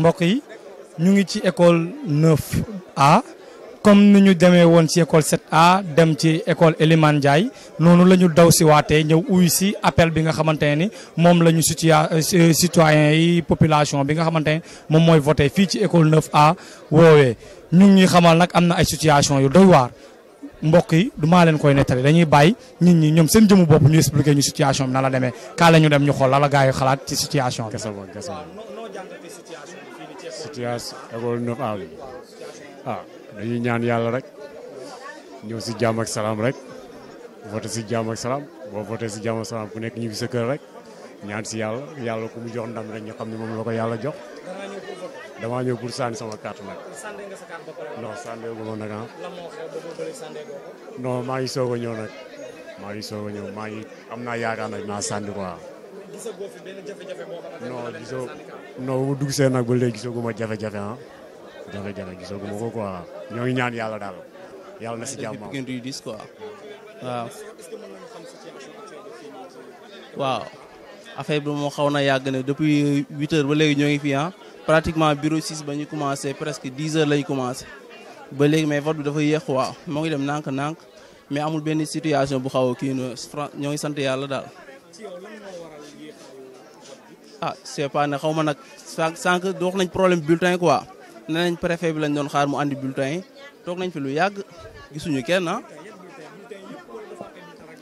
mbokk yi ñu ngi ci école 9A comme ni ñu demee woon ci école 7A dem ci école Elimane noonu la ñu daw si waatee ñëw uyu si appel bi nga xamante ni moom la ñu situa euh, citoyen yi population bi nga xamante ne moom mooy voté fii ci école 9A woowee ñu ngi xamal nag am na ay situation yu doy mbokk yi du maa leen koy nettali dañuy bàyyi nit ñi ñoom seen jëmu bopp ñu expliqué ñu situation bi na la demee kaa la ñu dem ñu xool la la gaa xalaat ci situation bi. situation école neuf avril ah dañuy ñaan yàlla rek ñëw si jàmm ak salaam rek voté si jàmm ak salaam boo voté si jàmm ak salaam ku nekk ñu ngi sa kër rek ñaan si yàlla yàlla ku mu jox ndam rek ñu xam ne moom la ko yàlla jox. damaa ñëw pour sànni sama carte nag. sànni nga sa carte ba pare. nag ah. lan maa ngi soog a ñëw nag. maa ngi soog a ñëw maa ngi am naa yaakaar nag naa sànni quoi. gisagoo fi benn jafe-jafe dugg see nag ba léegi gisaguma jafe-jafe ah. jafe-jafe gisaguma ko quoi ñoo ngi ñaan yàlla daal. yàlla na si jàmm ngeen di dis waaw. waaw affaire bi moo xaw na yàgg ne depuis huit ba léegi ñoo ngi fi ah. pratiquement bureau 6 ba ñu commencé presque 10 heures lañ commencé ba léegi mais vote bi dafa yéex waaw moo ngi dem nànk-nànk mais amul benn situation bu xaw a kii no ñoo ngi sant yàlla daal. ah c'est pas xaw ma nag sànq sànq wax nañ problème bulletin quoi nee nañ préfet bi lañ doon xaar mu andi bulletin yi toog nañ fi lu yàgg gisuñu kenn ah.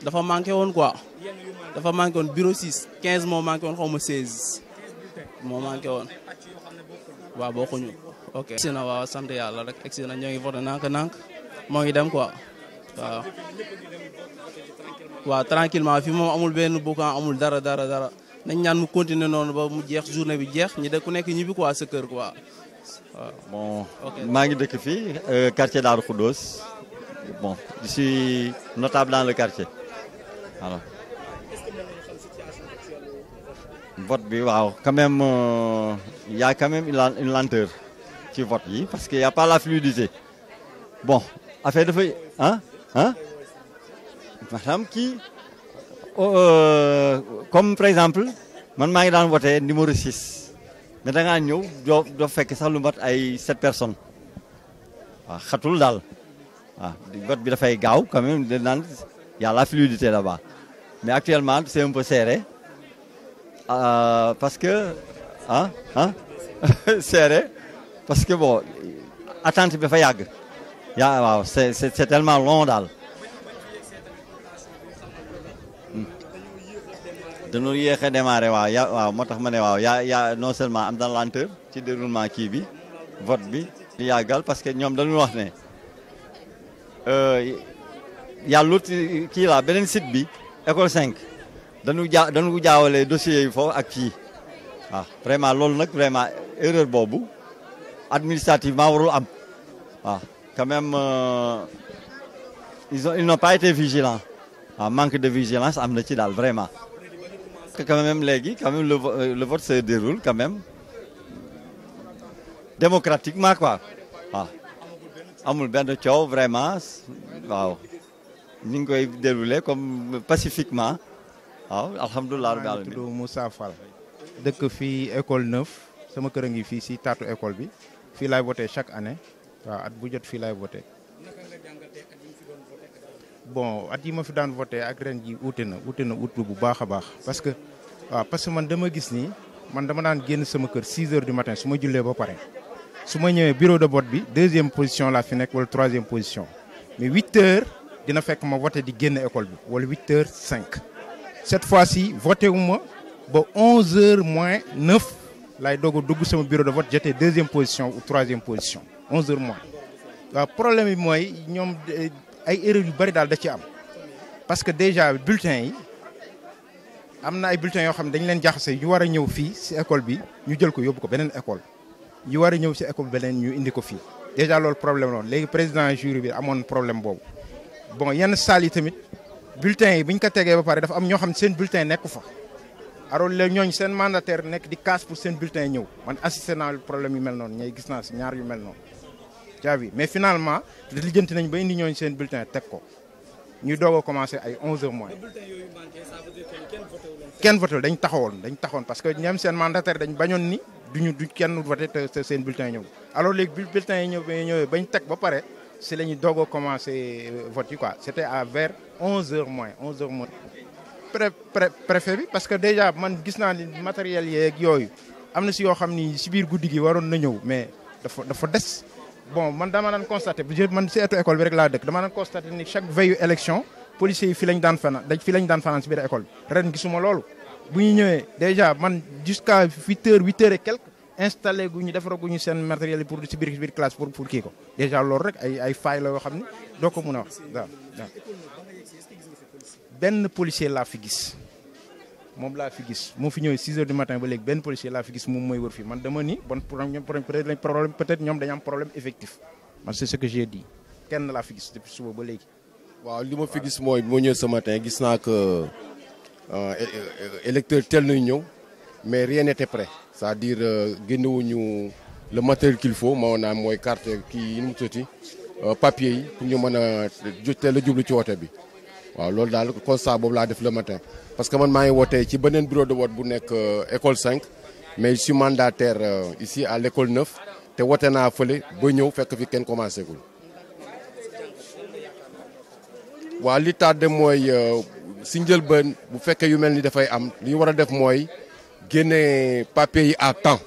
dafa manqué woon quoi dafa manqué woon bureau 6 moo manqué woon xaw ma 16 moo manqué woon. waaw bokkuñu ok. egsi na waaw sant yàlla rek egsi na ñoo ngi voté nànk-nànk moo ngi dem quoi waaw. waaw tranquillement fi moom amul benn boucan amul dara dara dara nañ ñaan mu continuer noonu ba mu jeex journée bi jeex ñi de ku nekk ñibbi quoi sa kër quoi. waaw maa ngi dëkk fii euh, quartier Darou Khoudoss bon je suis notable dans le quartier vote bi waaw quand même il euh, une lenteur ci vote yi parce que y pas la fluidité bon affaire dafay ah ah maanaam kii oh, euh, comme par exemple man maa ngi daan voté numéro 6 mais da ñëw doo doo fekk sax lu mat ay 7 personnes waa xatul daal waaw vote bi dafay gaaw quand même naan y la fluidité là mais actuellement c'est un Euh, parce que. ah ah seere parce que bon attente bi dafa yàgg. yaa waaw c'est tellement long daal. dañoo yéex a démarré waaw ya waaw moo tax ma ne waaw ya ya non seulement am na lenteur ci déroulement kii bi vote bi. di yàggal parce que ñoom dañu wax ne euh, yàlla kii la beneen site bi école 5. dañu jaa dañu jaawale dossiers yi foo ak fii ah vraiment loolu nag vraiment erreur boobu administrativement warul am waaw quand même euh, ils ont ils n'ont pas été vigilants manque de vigilance am na ci daal vraiment. quand même léegi quand le euh, le vote se déroule quand même démocratiquement quoi waaw amul benn coow vraiment waaw ñu ngi koy déroulé comme pacifiquement. waaw alhamdulilah rabbi alamin tudd Moussa Fall dëkk fii école neuf sama kër a ngi fii si taatu école bi fii laay voté chaque année waaw at bu jot fii laay voté bon at yi ma fi daan voté ak ren ji uute na uute na uute bu baax a baax parce que parce que man dama gis nii man dama daan génn sama kër 6 heures du matin su ma jullee ba pare su ma ñëwee bureau de vote bi deuxième position laa fi nekk wala troisième position mais 8 heures dina fekk ma voté di génn école bi wala 8 heures 5 cette fois si voté wu ma ba 11 heures moins 9 laay doog a dugg sama bureau de vote j'étais deuxième position ou troisième position 11 heures moins. waaw problème bi mooy ñoom eh, ay erreurs yu bari daal da ci am parce que déjà bulletin yi am na ay bulletins yoo xam ne dañ leen jaxase ñu war a ñëw fii si école bi ñu jël ko yóbbu ko beneen école ñu war a ñëw ci école beneen ñu indi ko fii déjà loolu problème lool léegi président jury bi amoon problème boobu bon yenn bulletin yi bi ñu ko tegee ba pare dafa am ñoo xam ne seen bulletin nekku fa alors léegi ñooñu seen mandataire nekk di casse pour seen bulletin ñëw man assisté problème yu mel noonu ñay gis naa si ñaar yu mel noonu jaabi mais finalement lijjanti nañ ba indi ñooñu seen bulletin teg ko ñu doog a ay 11 heures moins. kenn voté dañ taxawoon dañ taxawoon parce que ñoom seen mandataire dañ bañoon ni duñu du kenn voté te seen bulletin ñëw alors léegi bulletin yi ñëw ba bañ teg ba pare. si la ñu doog a commencé euh, vote yi quoi c' était à vers 11h moins 11 pré pré préfet parce que déjà man gis naa ni matériel yeeg yooyu am na si yoo xam ni si biir guddi gi waroon na ñëw mais dafa dafa des. bon man dama naan constaté man si etu école bi rek laa dëkk dama naan constaté ni chaque veille élection policiers yi fi daan fanaan dañ fi daan fanaan si biir école bi gisuma loolu. bu ñu ñëwee déjà man jusqu'à huit heures huit installé gu ñu defaraguñu seen matériel pour si biir biir classe pour pour kii ko déjà loolu rek ay ay failles la yoo xam ne doo ko mën a wax waaw benn policier laa fi gis moom laa fi gis moo fi ñëwee 6 heures du matin benn policier laa fi gis moom mooy man dama ni bon problème peut-être ñoom dañu am problème effectif man c'est ce kenn laa fi gis depuis suba ba léegi. waaw li ma fi gis mooy moo ñëw ce matin gis naa que euh, électeur tel nañu ñëw. mais rien n'était prêt c'est-à-dire euh, génnewuñu le matériel qu'il faut maanaam mooy carte kii nu mu tuddati euh, papier yi ñu mën a teel a jublu ci woote bi waaw loolu daal constat boobu laa def le matin parce que man maa ngi wootee ci beneen bureau de bu nekk euh, école cinq mais si suis mandataire ici à l'école 9 te wote naa fële ba ñëw fekk fi kenn commencé gul waa li tardé mooy si njëlbeen bu fekkee yu mel ni dafay am li ñu war a def mooy génne papier yi à temps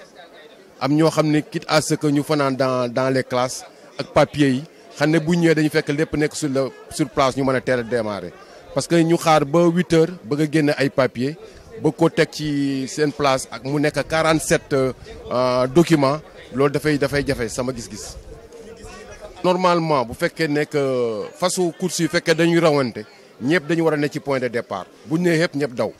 am ñoo xam ne kit à ce que ñu fanaan dans dans les classes ak papier yi xam ne bu ñëwee dañu fekk lépp nekk sur la sur place ñu mën a teel a démarrer parce que ñu xaar ba huit ba bëgg a génne ay papier bëgg ko teg ci seen place ak mu nekk 47 euh, euh, document loolu dafay dafay jafe sama gis-gis. normalement bu fekkee nekk façon course yu fekkee dañuy rawante ñëpp dañu war a ne ci point de départ bu ñu nee yëpp ñëpp daw.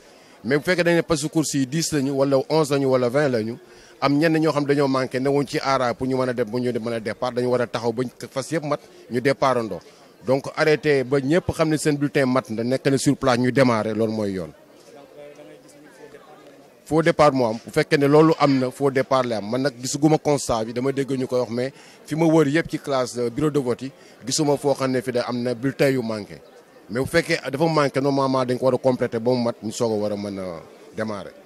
mais bu fekkee dañ ne pass de course yi 10 lañu wala 11 lañu wala 20 lañu am ñenn ñoo xam dañoo manqué ne wuñ ci aara pour ñu mën a dem bu a départ dañu war a taxaw bañ fas yëpp mat ñu départandoo donc arrêté ba ñëpp xam ne seen bulletin mat na nekk na sur ñu démarré loolu mooy yoon. foo départ moo am bu fekkee ne loolu am na foo départ la am man nag gisuguma constat bi dama dégg ñu koy wax mais fi ma wër yëpp ci classe euh, bureau de vote yi gisuma foo xam ne fi da am na bulletin yu manqué. mais bu fekkee dafa manqué normalement dañ ko war a compléter ba mu mat ñu soog war a mën a démarrer.